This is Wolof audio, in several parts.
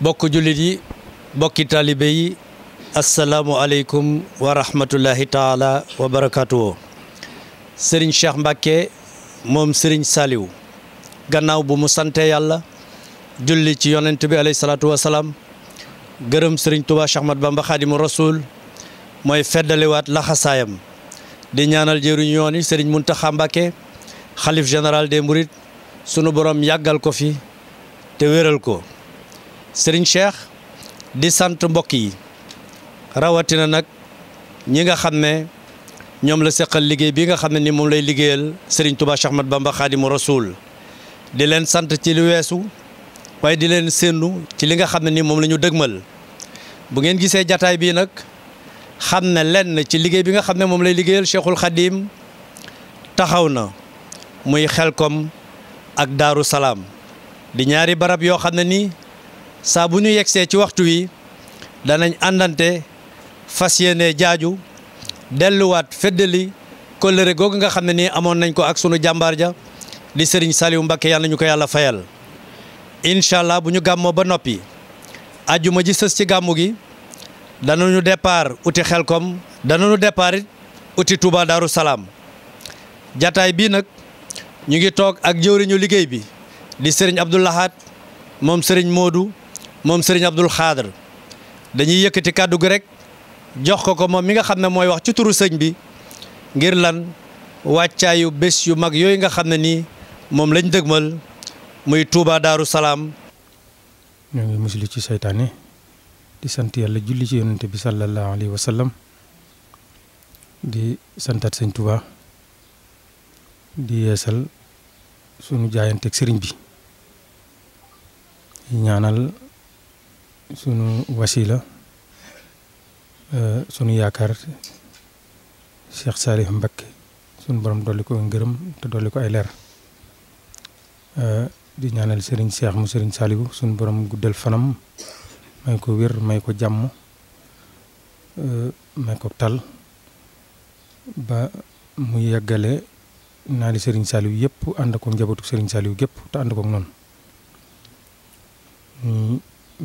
bokk jullit yi bokki taalibe yi asalaamualeykum wa rahmatullahi taala wa barakaatu. Serigne Cheikh Mbacke moom Serigne Saliou gannaaw bu mu sante yàlla julli ci yonent bi alayhi salaatu wa salaam gërëm sëriñ Touba Cheikh Ahmad Bamba Khadimu Rasul mooy feddaliwaat laxasaayam di ñaanal jëriñ yoon yi Serigne Mountakha Mbacke xalif général des Mourides sunu borom yàggal ko fi te wéral ko. sëriñ Cheikh di sant mbokk yi rawatina nag ñi nga xam ne ñoom la seqal liggéey bi nga xam ne nii moom lay liggéeyal Serigne Touba Cheikh Ahmad Bamba Khadimu Rasoul di leen sant ci lu weesu waaye di leen séenu ci li nga xam ne nii moom la ñu dëgmal bu ngeen gisee jataay bii nag xam ne lenn ci liggéey bi nga xam ne moom lay liggéeyal Cheikhul Khadim taxaw na muy xel koom ak Daaru Salaam di ñaari barab yoo xam ne nii saa bu ñu yegsee ci waxtu wi danañ àndante fas yéene jaaju delluwaat feddali kóllëre googu nga xam ne nii amoon nañ ko ak sunu jàmbaar ja di sëriñ Saliou Mbacké yàlla ñu ko yàlla fayal incha allah bu ñu gàmmoo ba noppi ajjuma ji sës ci gàmmu gi danañu départ uti xelkom danañu départ it uti Touba Darou Salaam jataay bii nag ñu ngi toog ak jëwriñu liggéey bi di sëriñ Abdoulahat moom sëriñ Modou moom sëriñ Abdul Xaadar dañuy yëkkati kàddu gi rekk jox ko ko moom mi nga xam ne mooy wax ci turu sëñ bi ngir lan wàccaayu bés yu mag yooyu nga xam ne nii moom lañ dëgmal muy Touba Daaru Salaam. ñoo ngi musli ci seytaane di sant yàlla julli ci yonante bi sallallahu alayhi wa sallam di santaat sëñ Touba di yeesal sunu jaayanteeg sëriñ bi ñaanal. sunu wasila eh, sunu yaakaar Cheikh Salif Mbacké sunu borom dolli ko ngërëm te dolli ko ay leer eh, di ñaanal sëriñ Cheikh mu sëriñ Saliou sunu borom guddal fanam may ko wér may ko jàmm eh, may ko tal ba mu yeggale naa li sëriñ Saliou yëpp ànd ko njabootu sëriñ Saliou gépp te ànd ko noonu.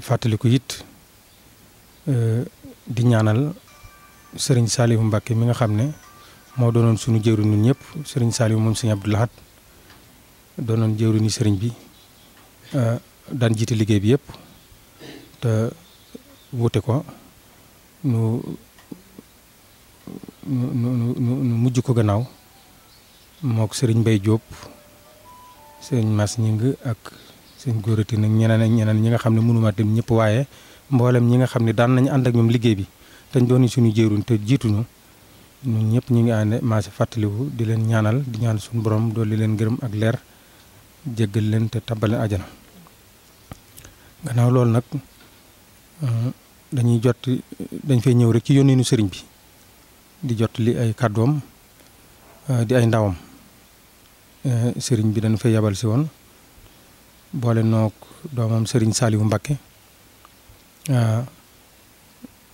fàttaliku it euh, di ñaanal sëriñ Saliou Mbacke mi nga xam ne moo doonoon suñu jëwri ñun ñëpp sëriñ Saliou moom sëriñ Abdou doonoon jëwri ni sëriñ bi euh, daan jiite liggéey bi yëpp te wute ko nu nu nu mujj ko gannaaw mook sëriñ Mbaye Diop sëriñ Mass Ñing ak sëñ góorati nag ñeneen ak ñeneen ñi nga xam ne mënuma dem ñëpp waaye mbooleem ñi nga xam ne daan nañu ànd ak ñoom liggéey bi dañ doon suñu jéeruñ te jiituñu ñun ñëpp ñu ngi ànd maase fàttaliwu di leen ñaanal di ñaan suñu borom di leen ngërëm ak leer jéggal leen te tàbbal ajana gannaaw loolu nag euh, dañuy jot dañ fay ñëw rek ci yónneenu sëriñ bi di jot li ay kàddoom euh, di ay ndawam euh, sëriñ bi dañ fay yabal si woon boole noog doomam sëriñ Saliou Mbacké ah,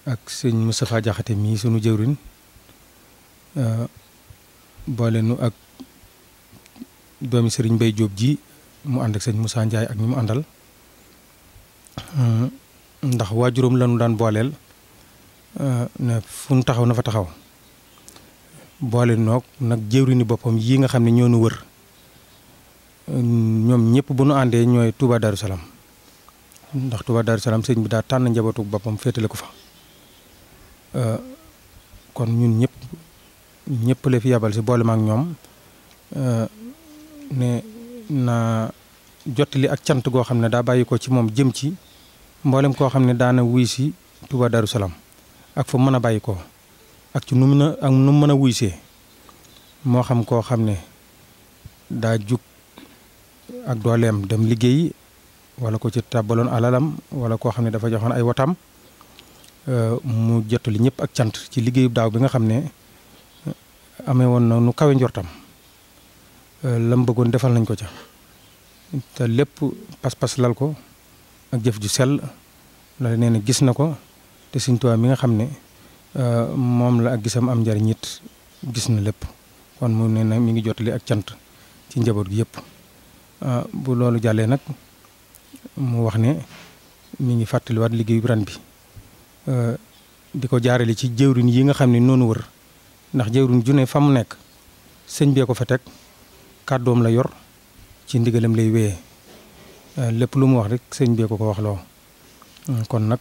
ak sëñ Moustapha Diakhaté mii sunu jëwriñ ah, boole nu ak doomi sëriñ Mbaye Diop ji mu ànd ak sëñ Moussa Ndiaye ak ñi mu àndal ah, ndax waajuram lanu daan booleel ne fu mu taxaw na fa taxaw boole noog nag jëwriñu boppam yi nga xam ne ñoo nu wër. ñoom ñëpp bu nu àndee ñooy Touba Darou ndax Touba Darou Salaam sëñ bi daa tànn njabootu boppam féetale ko fa euh, kon ñun ñëpp ñëpp la fi yabal si boolema ak ñoom euh, ne na jottali ak cant goo xam ne daa bàyyi ko ci moom jëm ci mboolem koo xam ne daana wuy si Touba Darou ak fa mën a bàyyi ko ak ci nu mu mën a ak nu mën a wuysee moo xam koo xam ne daa jug ak dooleem dem liggéey wala ko ci tàbbaloon alalam wala koo xam ne dafa joxoon ay wotaam euh, mu jottali ñëpp ak cant ci liggéeyu daaw bi nga xam ne euh, amee woon na nu kawe njortam euh, lam bëggoon defal nañ ko ca te lépp pas-pas lal ko ak jëf ju sel la nee na gis na ko te Sëñ Tuubaa mi nga xam ne moom la ak gisam am njariñ it gis na lépp kon mu ne nag mi ngi li ak cant ci njaboot gi yëpp Euh, bu loolu jàllee nag mu wax ne mu ngi fàttaliwaat liggéeyu ren bi euh, di ko jaarale ci jëwrin yi nga xam ne noonu wër ndax jëwrin ju ne fa mu nekk sëñ bee ko fa teg kàddoom la yor ci ndigalam lay wéyee euh, lépp lu mu wax rek sëñ bee ko ko wax loo kon nag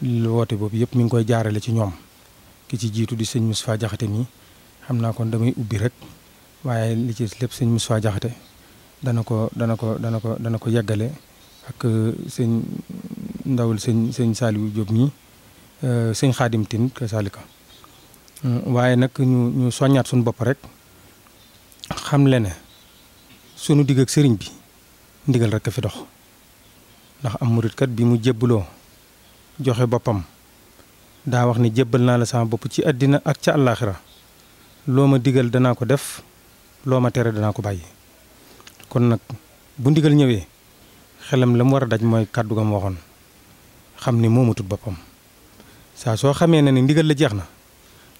woote boobu yëpp mi ngi koy jaarale ci ñoom ki ci jiitu di sëñ Moustapha Jaxate nii xam naa kon damay ubbi rek waaye li ci lépp sëñ Moustapha Jaxate dana ko dana ko dana ko dana ko yeggale ak uh, sëñ ndawul sëñ sëñ Saliou Diop ñi uh, sëñ Xaadim Tine uh, waaye nag ñu ñu soññaat suñu bopp rek xam le ne sunu digg ak sëriñ bi ndigal rek a fi dox ndax am murit bi mu jébbaloo joxe boppam daa wax ne jëbbal naa la sama bopp ci àddina ak ca àllaaxira loo ma digal danaa ko def loo ma tere danaa ko bàyyi kon nag bu ndigal ñëwee xelam la mu war a daj mooy kàddu gam waxoon xam ni moomatut boppam saa soo xamee ne ni ndigal la jeex na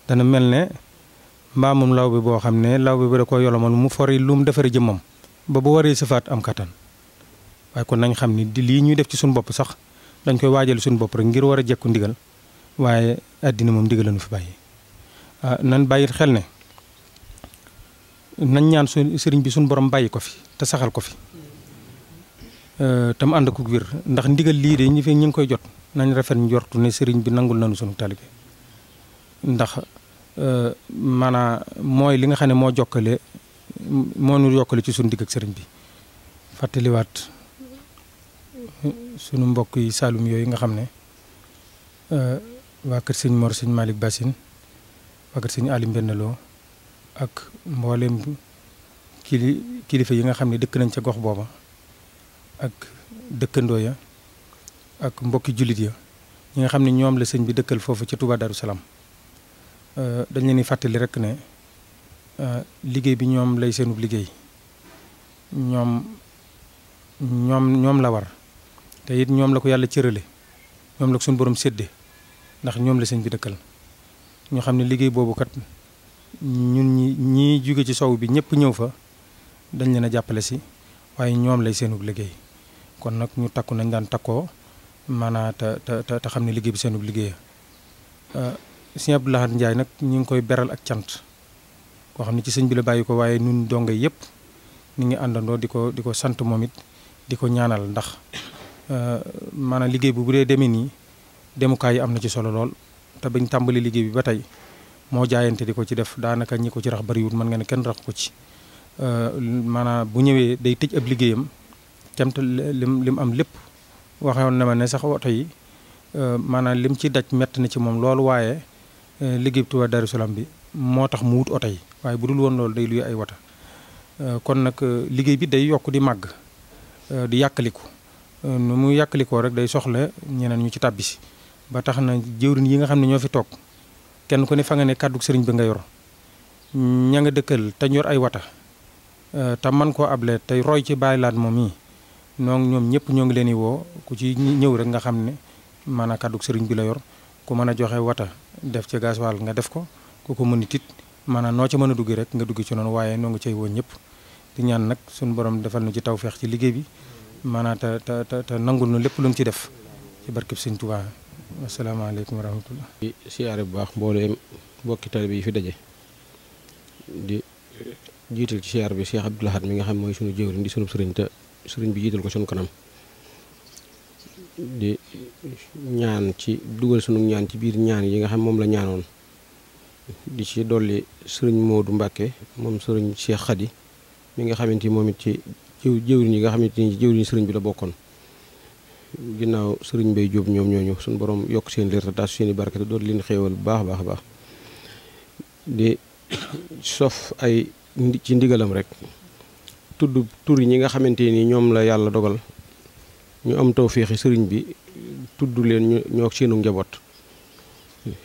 dana mel ne mbaamum law bi boo xam ne law bi da ko yolomal mu fori lu mu defaree jëmmam ba bu waree sëfaat am kattan waaye kon nañ xam ni di lii ñuy def ci suñu bopp sax dañ koy waajal suñu bopp rek ngir war a jekku ndigal waaye àddina moom ndigal fi bàyyi ah, nan bàyyit xel ne nañ ñaan su sëriñ bi suñu borom bàyyi ko fi te saxal ko fi euh, tam ànd ko wér ndax ndigal lii de ñi fi ñu ngi koy jot nañ rafet njortu ne sëriñ bi nangul nañu sunu taalibe ndax euh, manaa mooy li nga xam ne moo jokkale moo nu jokkale ci sunu digg ak sëriñ bi fàttaliwaat sunu mbokk yi Saalum yooyu nga xam ne euh, waa kër sëñ Mor sëñ Malick basin waa kër sëñ Alim Benn Lo ak mboolem kili kilifa yi nga xam ne dëkk nañ ca gox booba ak dëkkandoo ya ak mbokki jullit ya ñi nga xam ne ñoom la sëñ bi dëkkal foofu ca Touba Darou euh, dañ leen di fàttali rek ne euh, liggéey bi ñoom lay seenub liggéey ñoom ñoom ñoom la war te it ñoom la ko yàlla cërale ñoom la ko suñu borom sédde ndax ñoom la sëñ bi dëkkal ñoo xam ne liggéey boobu kat ñun ñi ñi jóge ci sow bi ñëpp ñëw fa dañ leen a jàppale si waaye ñoom lay seenub liggéey kon nag ñu takku nañ daan takkoo maanaam te te xam ne liggéey bi seenub liggéey euh, si Abdou njaay nag ñu ngi koy beral ak cant koo xam ne ci sëñ bi la bàyyi ko waaye nun donga yëpp ñu ngi àndandoo di ko di ko sant moom it di ko ñaanal ndax euh, maanaam liggéey bu bu dee demee nii demukaay yi am na ci solo lool te bañ tàmbali liggéey bi ba tey moo jaayante di ko ci def daanaka ñi ko ci rax bariwut mën nga ne kenn rax ko ci Euh, maanaam bu ñëwee day tëj ab liggéeyam kemt lim lim am lépp waxewoon na ma ne sax oto yi euh, maanaam lim ci daj mett na ci moom loolu waaye euh, liggéey Tuubaa Daaru Salaam bi moo tax mu wut oto yi waaye bu dul woon loolu day luy ay wata kon nag liggéey bi day yokk di màgg di yàkkaliku nu mu yàkkalikoo rek day soxla ñeneen ñu ci tàbbisi ba tax na jëwriñ yi nga xam ne ñoo fi toog kenn ko ne fa nga ne kàddu sëriñ bi nga yor ña nga dëkkal te ñor ay wata Euh, te man koo able tey roy ci bàyyi laat moom yi noonu ñoom ñëpp ñoo ngi leen di woo ku ci ñëw rek nga xam ne maanaam kàddu sëriñ bi la yor ku mën a joxe wata def ci gasoil nga def ko ku ko mën a tit maanaam noo ca mën a dugg rek nga dugg ci noonu waaye noo ngi cay woo ñëpp di ñaan nag suñu borom defal na ci tawfeex ci liggéey bi maanaam te te te nangul nu lépp luñ ci def ci barkeb sëriñ Tuubaa asalaamaaleykum wa rahmatullah di siyaare bu baax mbooleem mbokki bi yi fi daje jiital ci siyaar bi Cheikh Abdoul Ahad mi nga xam mooy sunu jëwriñ di sunu sëriñ te sëriñ bi jiital ko sunu kanam di ñaan ci dugal sunu ñaan ci biir ñaan yi nga xam moom la ñaanoon di ci dolli sëriñ Modou Mbacke moom sëriñ Cheikh Khady mi nga xamante ni moom it ci jëw jëwriñ yi nga xamante ni jëwriñ sëriñ bi la bokkoon ginnaaw sëriñ Mbaye Diop ñoom ñooñu sunu borom yokk seen leer te taas seen i barke te doon leen xéewal bu baax a baax baax di sof ay. ci ndigalam rek tudd tur yi ñi nga xamante ni ñoom la yàlla dogal ñu am tawféexi sëriñ bi tudd leen ñu ñoo seenu njaboot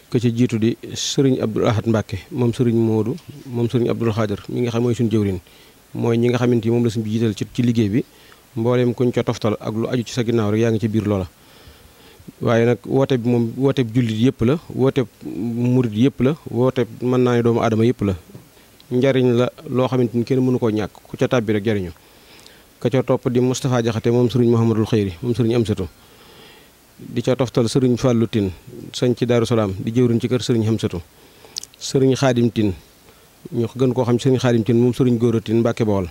ka ci jiitu di sëriñ Abdul Ahad Mbàkke moom sëriñ Moodu moom sëriñ Abdul Xaadir mi nga xam mooy suñu jëwrin mooy ñi nga xamante ni moom la suñu jiital ci liggéey bi mbooleem kuñ ca toftal ak lu aju ci sa ginnaaw rek yaa ngi ci biir loola waaye nag woote bi moom woote jullit yëpp la woote murit yëpp la woote mën naa ne doomu aadama yëpp la njariñ la loo xamante ni kenn mënu koo ñàkk ku ca tàbbi rek jariñu ka ca topp di Moustapha Jaxate moom sëriñ Mouhamadul Xëyri moom sëriñ Amsatu di ca toftal sëriñ Fàllu Tin sañ ci Daaru Salaam di jëwriñ ci kër sëriñ Amsatu sëriñ Xaadim Tin ñu gën koo xam sëriñ Xaadim Tin moom sëriñ Góora Tin Mbàkke Bawol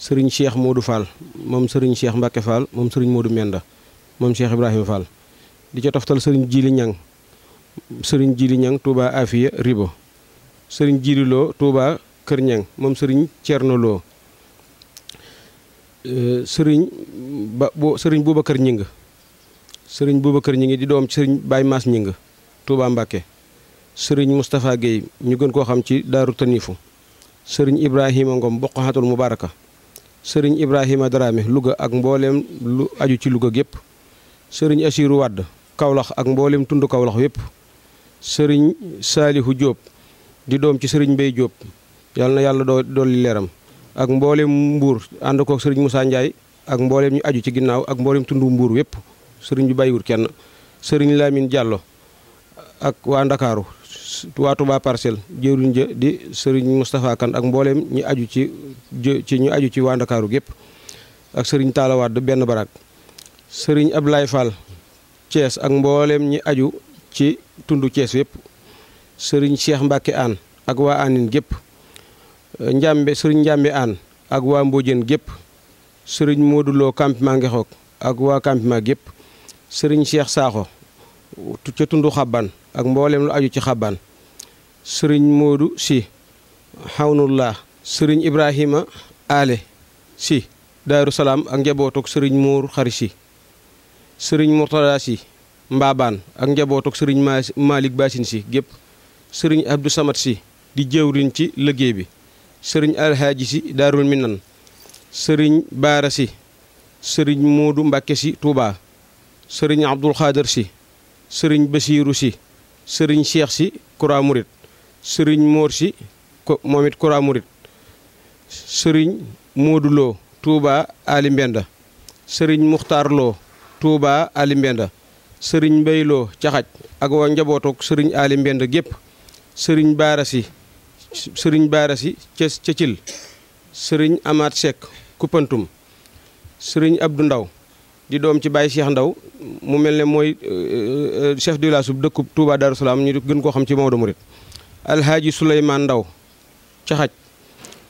sëriñ Cheikh Modou Fall moom sëriñ Cheikh Mbàkke Fall moom sëriñ Modou Menda moom Cheikh Ibrahima Fall di ca toftal sëriñ Jili Ñang sëriñ Jili Ñang Touba Afia Ribo sëriñ Jiili Lo Touba Kër Ñang moom sëriñ Thierno Lo euh, sëriñ ba bo sëriñ Boubacar Ñing sëriñ Boubacar Ñing di doom sëriñ bay maas Ñing Touba Mbacké sëriñ Moustapha Guèye ñu gën koo xam ci Daaru Taniifu sëriñ Ibrahima Ngom Boqahatul Mubaraka sëriñ Ibrahima Dramé Louga ak mbooleem lu aju ci Louga gépp sëriñ Asiiru Wàdd Kawlax ak mboolem tund Kawlax yépp sëriñ Saalihu Jóob di doom ci sëriñ Mbaye jóob yàlla na yàlla doo dolli leeram ak mboolem mbuur ànd koog sëriñ Moussa Ndiaye ak mbooleem ñu aju ci ginnaaw ak mboolem tundu mbuur wépp sëriñ bi bàyyiwul kenn sëriñ Lamine Diallo ak waa Ndakaaru waa Touba Parcelles jëwriñ ja di sëriñ Moustapha Kane ak mbooleem ñu aju ci ci ñu aju ci waa Ndakaaru gépp ak sëriñ Talla benn baraag sëriñ Ablaye Fall Thiès ak mbooleem ñi aju ci tundu Thiès yépp sëriñ Cheikh Mbacke aan ak waa Anin gépp euh, Njambe sëriñ Njambe aan ak waa Mbodiène gépp sëriñ Modou Lo campement ak waa campement gépp sëriñ Cheikh Sakho ca tundu xabban ak mboolem aju ci xabban sëriñ Modou si xawnullah sëriñ Ibrahima Ale si Daaru Salaam ak njabootuk sëriñ Mour Xari si sëriñ Mourtada si Mbaabaan ak njabootuk sëriñ Malick Bassine si gépp sëriñ Abdou Samad si di jëwriñ ci liggéey bi sëriñ Alhaaji si Daarul Minan sëriñ Baara si sëriñ Moodu Mbàkke si Touba sëriñ Abdul Xaadar si sëriñ Basiiru si sëriñ Cheikh si Kura Murit sëriñ Moor si moom it Kura Murit sëriñ Moodu Lo Touba Mbenda sëriñ Muxtaar Lo Touba Mbenda sëriñ Mbay Caxaj ak waa njabootook sëriñ Ali Mbenda gépp sëriñ Baara si sëriñ Baara si ca ca Cil sëriñ Amath Seck Koupantoum sëriñ Abdou Ndaw di doom ci Baye Cheikh Ndaw mu mel ni mooy euh, euh, euh, chef du village bu dëkkub Touba Darou Salaam ñu gën koo xam ci Maodo Mouride. Alhaji Souleymane Ndaw ca xaj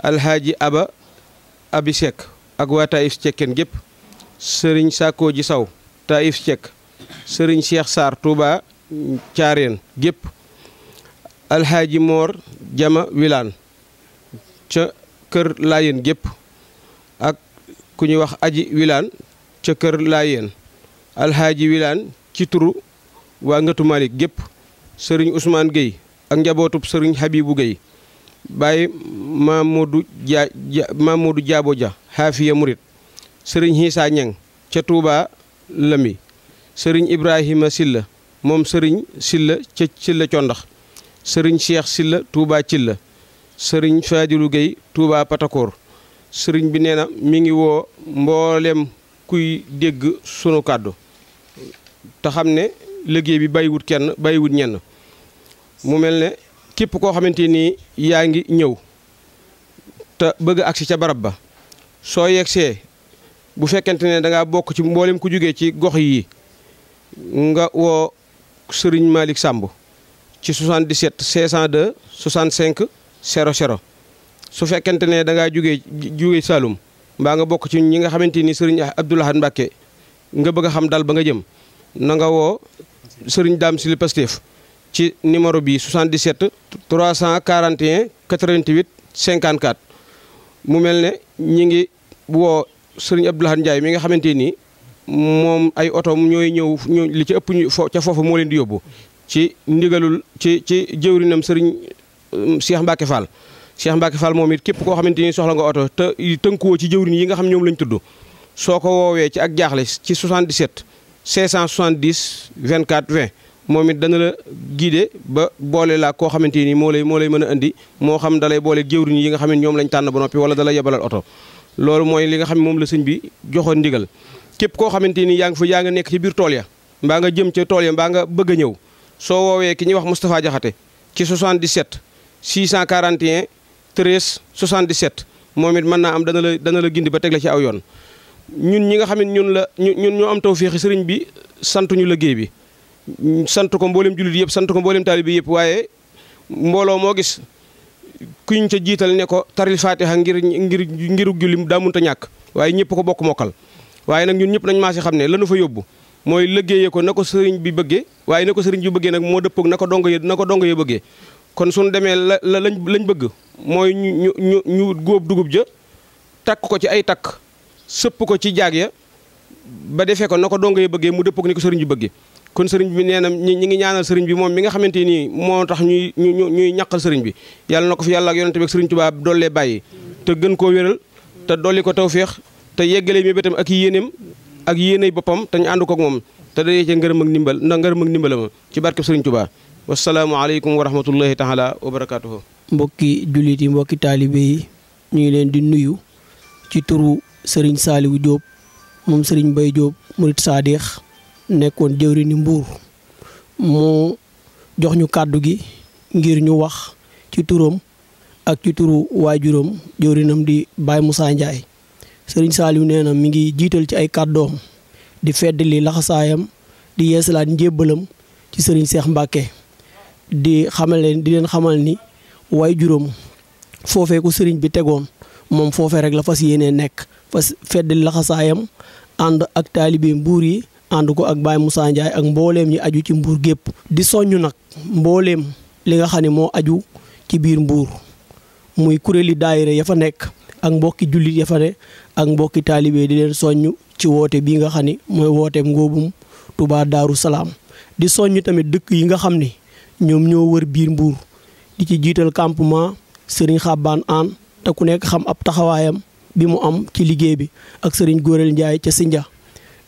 Alhaji Aba Abi ak waa Taïf Cekkeen gépp sëriñ Sakko ji Saw Taïf Cekk sëriñ Cheikh Sarr Touba Caareen gépp alxaaji moor jama wilaan ca kër laayeen gépp ak ku ñuy wax aji wilaan ca kër laayeen alxaaji wilaan ci turu waa ngëtu malik gépp sëriñ Ousmane Gueye ak njabootub sëriñ Habibou Gueye Baye Mamadou Dia Mamadou Diabo Dia xaafiya murit sëriñ Xiisa Ñang ca Touba Lami sëriñ Ibrahima Silla moom sëriñ Silla ca Silla Condax sëriñ Cheikh Silla Touba Cilla sëriñ Fadilu Gueye Touba Patakoor sëriñ bi nee na mi ngi woo mboolem kuy dégg sunu kàddu te xam ne liggéey bi bàyyiwut kenn bàyyiwut ñenn mu mel ne képp koo xamante ni yaa ngi ñëw te bëgg a agsi ca barab ba soo yegsee bu fekkente ne danga bokk ci mboolem ku jógee ci gox yi nga woo sëriñ Malick Samb ci 77 602 sero sero su fekkente ne da ngaa jóge jugee Saloum mbaa nga bokk ci ñi nga xamante ni sëriñ Abdou Lahad Mbacke nga bëgg a xam dal ba nga jëm na nga woo sëriñ Dame Sylla Pastef ci numéro bi 77 341 88 54 mu mel ne ñi ngi woo sëriñ Abdou Lahad mi nga xamante nii moom ay oto ñooy ñëw li ci ëpp ñu fo ca foofu moo leen di yóbbu ci ndigalul ci ci jëwrinam sëriñ um, Cheikh Mbacke Fall Cheikh Mbacke Fall moom it képp koo xamante ni soxla nga oto te tënkuwoo ci jëwrin yi nga xam ñoom lañ tudd soo ko woowee ci ak jaaxle ci 77 570 24 20 moom it dana la guider ba boole laa koo xamante ni moo lay moo lay mën a indi moo xam dalay boole jëwrin yi nga xam ne ñoom lañ tànn ba noppi wala dalay yebalal oto loolu mooy li nga xam ne moom la sëñ bi joxoon ndigal képp koo xamante ni yaa ngi fa yaa nga nekk ci biir tool ya mbaa nga jëm ca tool ya mbaa nga bëgg a ñëw soo woowee ki ñuy wax Moustapha Diakhaté ci 77 641 13 77 moom it mën naa am dana la dana la gindi ba teg la ci aw yoon ñun ñi nga xam ne ñun la ñun ñoo am tawféexi sëriñ bi santu santuñu liggéey bi sant ko mboolem jullit yëpp sant ko mboolem taalibe yëpp waaye mbooloo moo gis kuñ ca jiital ne ko taril fatiha ngir ngir ngirug julli daa munta ñàkk waaye ñëpp ko bokk mokkal waaye nag ñun ñëpp nañ maas si xam ne lanu fa yóbbu mooy liggéeyee ko na ko sëriñ bi bëggee waaye na ko sëriñ bi bëggee nag moo dëppoog na ko dongo yi na ko dongo yi bëggee kon sunu demee la la lañ lañ bëgg mooy ñu ñu ñu góob dugub ja takk ko ci ay takk sëpp ko ci jaag ya ba defee ko na ko dongo yi bëgge mu dëppoog ni ko sëriñ bi bëggee kon sëriñ bi nee na ñi ngi ñaanal sëriñ bi moom mi nga xamante nii moo tax ñuy ñuy ñaqal sëriñ bi yàlla na ko fi yàlla ak yonente bi ak sëriñ Tuubaa dollee bàyyi te gën koo wéral te dolli ko tawféex te yeggale mi ak yéeneem ak yéenay boppam te ñu ànd koog moom te dañuy ca ngërëm ak ndimbal ndax ngërëm ak ndimbala ma ci barkeb Sëriñ Tuubaa wasalaamualeykum wa rahmatullahi taala wa barakaatuhu. mbokki jullit yi mbokki taalibe yi ñu ngi leen di nuyu ci turu Serigne Saliou Diop moom Serigne jóob Diop murit Saadix nekkoon jëwri Mbuur mu jox ñu kàddu gi ngir ñu wax ci turam ak ci turu waajuram jëwrinam di baay musaa Ndiaye. sëriñ Saliou nee na mi ngi jiital ci ay kàddoom di fedd feddali laxasaayam di yeesalaat njébbalam ci sëriñ Seex Mbàkke di xamal leen di leen xamal ni waay juróom foofee ko sëriñ bi tegoon moom foofee rek la fas yéenee nekk fas feddali laxasaayam ànd ak taalibe mbuur yi ànd ko ak Baye Moussa Ndiaye ak mbooleem yi aju ci mbuur gépp di soññ nag mbooleem li nga xam ne moo aju ci biir mbuur muy kuréeli daayira ya fa nekk ak mbokki jullit ya fa ne ak mbokki taalibe di leen soññ ci woote bi nga xam ni mooy wooteem ngóobum Touba Daaru Salaam di soññ tamit dëkk yi nga xam ni ñoom ñoo wër biir mbuur di ci jiital campement sëriñ Xabbaan Aan te ku nekk xam ab taxawaayam bi mu am ci liggéey bi ak Serigne Góorel Ndiaye ca Sinja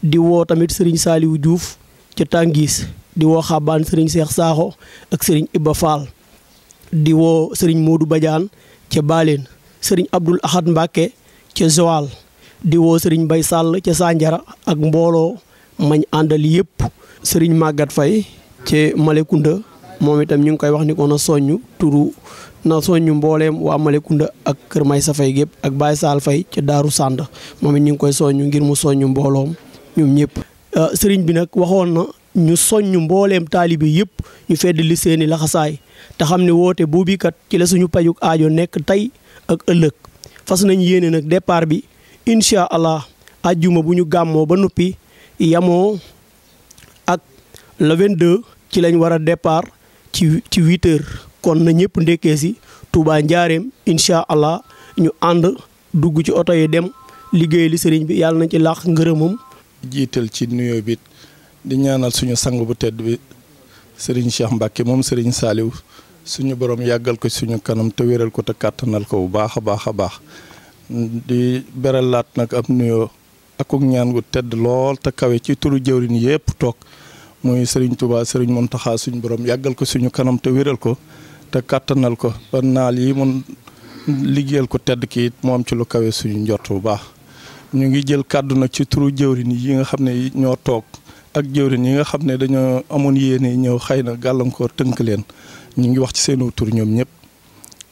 di woo tamit Serigne Saliou Diouf ca Tàngiis di woo Xabbaan Serigne Seex Saaxo ak Serigne Ibba Fall di woo sëriñ Modou Badiane ca Baleen sëriñ Abdul Ahad Mbacke ca Joal di sëriñ Bay sàll ca sànjara ak mbooloo mañ àndal yëpp. sëriñ màggat fay ca Malekunda moom itam ñu ngi koy wax ni ko na soññu turu na soññu mbooleem waa Malekunda ak Kër May sa gépp ak Baye Sall Faye ca Daaru Sànd moom it ñu ngi koy soññu ngir mu soññu mbooloom ñoom ñëpp. Euh, sëriñ bi nag waxoon na ñu soññu mbooleem taalibe yëpp ñu fedd li seeni laxasaay te xam ne woote boobu kat ci la suñu pajuk aajo nekk tey ak ëllëg fas nañ yéene nag départ bi incha allah ajjuma bu ñu gàmmoo ba noppi yamoo ak le 22 ci lañ war a départ ci ci 8 kon na ñëpp ndekkee si Touba Njaareem incha allah ñu ànd dugg ci oto yi dem liggéey li sëriñ bi yàlla nañ ci làq ngërëmam jiital ci nuyoo bi di ñaanal suñu sang bu tedd bi Serigne Cheikh Mbacke moom Serigne Saliou suñu borom yàggal ko suñu kanam te wéral ko te kàttanal ko bu baax a baax a baax di beralaat nag ab nuyoo akuk ñaan gu lool te kawe ci turu jëwrin yépp toog muy Serigne Touba Serigne Mountakha suñu borom yàggal ko suñu kanam te wéral ko te kàttanal ko ba naal yi mun liggéeyal ko tedd ki moom ci lu kawe suñu njort bu baax ñu ngi jël kàddu nag ci turu jëwrin yi nga xam ne ñoo toog. ak jëwrin yi nga xam ne dañoo amoon yéene ñëw xëy na gàllankoor tënk leen ñu ngi wax ci seenu tur ñoom ñëpp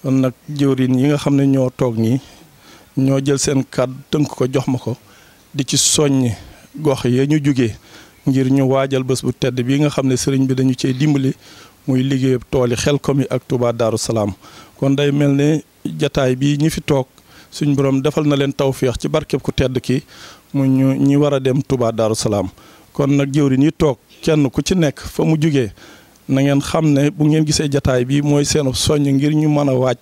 kon nag jëwrin yi nga xam ne ñoo toog nii ñoo jël seen kàddu tënk ko jox ma ko di ci soññ gox yee ñu jóge ngir ñu waajal bés bu tedd bi nga xam ne sëriñ bi dañu cee dimbali muy liggéeyab tool yi Xelkom yi ak tubaa Darou Salaam kon day mel ne jataay bi ñi fi toog suñu borom defal na leen tawféex ci barkeb ku tedd ki mu ñu ñi war a dem tubaa Darou Salaam kon nag jëwriñ yi toog kenn ku ci nekk fa mu jugee na ngeen xam ne bu ngeen gisee jataay bi mooy seenu soññ ngir ñu mën a waaj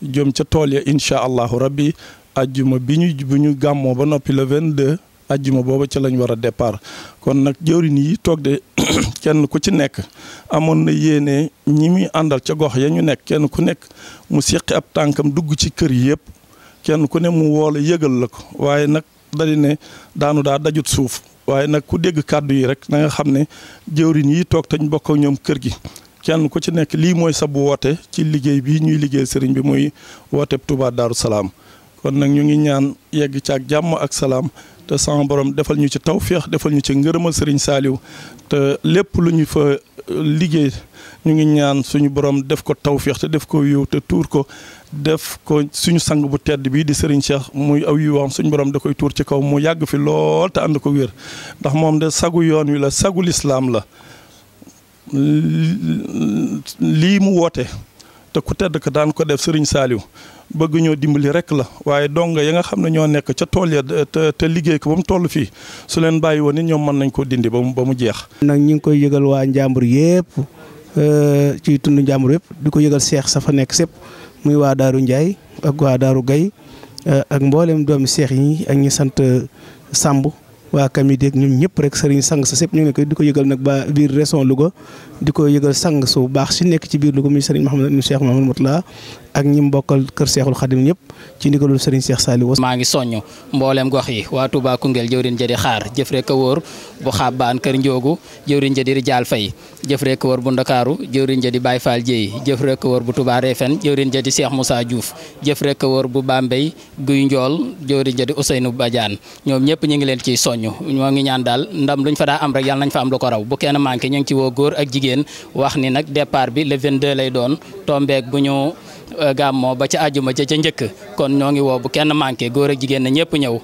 jëm ca tool ya incha allahu rabbi ajjuma bi ñu bu ñu gàmmoo ba noppi la le 22 ajjuma booba ca lañ war a départ kon nag jëwriñ yi toog de kenn ku ci nekk amoon na yéene ñi muy àndal ca gox ya ñu nekk kenn ku nekk mu seqi ab tànkam dugg ci kër yëpp kenn ku ne mu woola yëgal la ko waaye nag dali daanu daa dajut suuf waaye nag ku dégg kàddu yi rek na xam ne jëwriñ yi toog tañ bokk ak ñoom kër gi kenn ku ci nekk lii mooy sabu woote ci liggéey bi ñuy liggéey sëriñ bi muy woote Touba Darou Salaam kon nag ñu ngi ñaan yegg ci ak jàmm ak salaam te sama borom defal ñu ci tawféex defal ñu ci ngërëmal sëriñ Saaliw te lépp lu ñu fa euh, liggéey ñu ngi ñaan suñu borom def ko tawféex te def ko yiw te tuur ko def ko suñu sang bu tedd bii di Serigne Cheikh muy aw yiwam suñu borom da koy tuur ci kaw mu yàgg fi lool te ànd ko wér ndax moom de sagu yoon wi la sagu lislaam la lii mu woote te ku tedd ko daan ko def Serigne Saliou bëgg ñoo dimbali rek la waaye donga ya nga xam ne ñoo nekk ca tool ya te te liggéey ko ba mu toll fii su leen bàyyi woon nit ñoom mën nañ koo dindi ba mu ba mu jeex. nag ñu ngi koy yëgal waa njàmbur yëpp euh, ci tund njàmbur yëpp di ko yëgal seex sa fa nekk sépp muy waa Daaru Ndiaye ak waa Daaru Gaye euh, ak mbooleem doomi seex yi ak ñi sant euh, Samb. waa kami déeg ñun ñëpp rek sëriñ sang sa sépp ñu ngi di ko yëgal nag ba biir région Louga di ko yëgal sang su baax si nekk ci biir Louga muy sëriñ Mahamad ibn Cheikh Mahamad Moutala ak ñi mbokkal kër Seexul Xadim ñëpp ci ndigalul sëriñ Cheikh Saliou maa ngi soññ mbooleem gox yi waa Touba Koungheul jëwrin jadi xaar a wóor bu xabbaan kër njoogu jëwrin jadi jaal fay jëf rek a bu ndakaaru jëwrin jadi Baye Fall Jéey jëf rek a wóor bu Touba Refène jëwrin jadi Cheikh Moussa Diouf jëf rek a wóor bu Bambey Guy Njool jëwrin jadi Ousseynou Badiane ñoom ñëpp ñu ñoo ngi ñaan daal ndam luñ fa daa am rek yàlla nañ fa am lu ko raw bu kenn manqué ñu ngi ci woo góor ak jigéen wax ni nag départ bi le 22 lay doon tombeek bu ñu euh, gàmmoo ba ca àjjuma ca ca njëkk kon ñoo ngi woo bu kenn manqué góor ak jigéen na ñëpp ñëw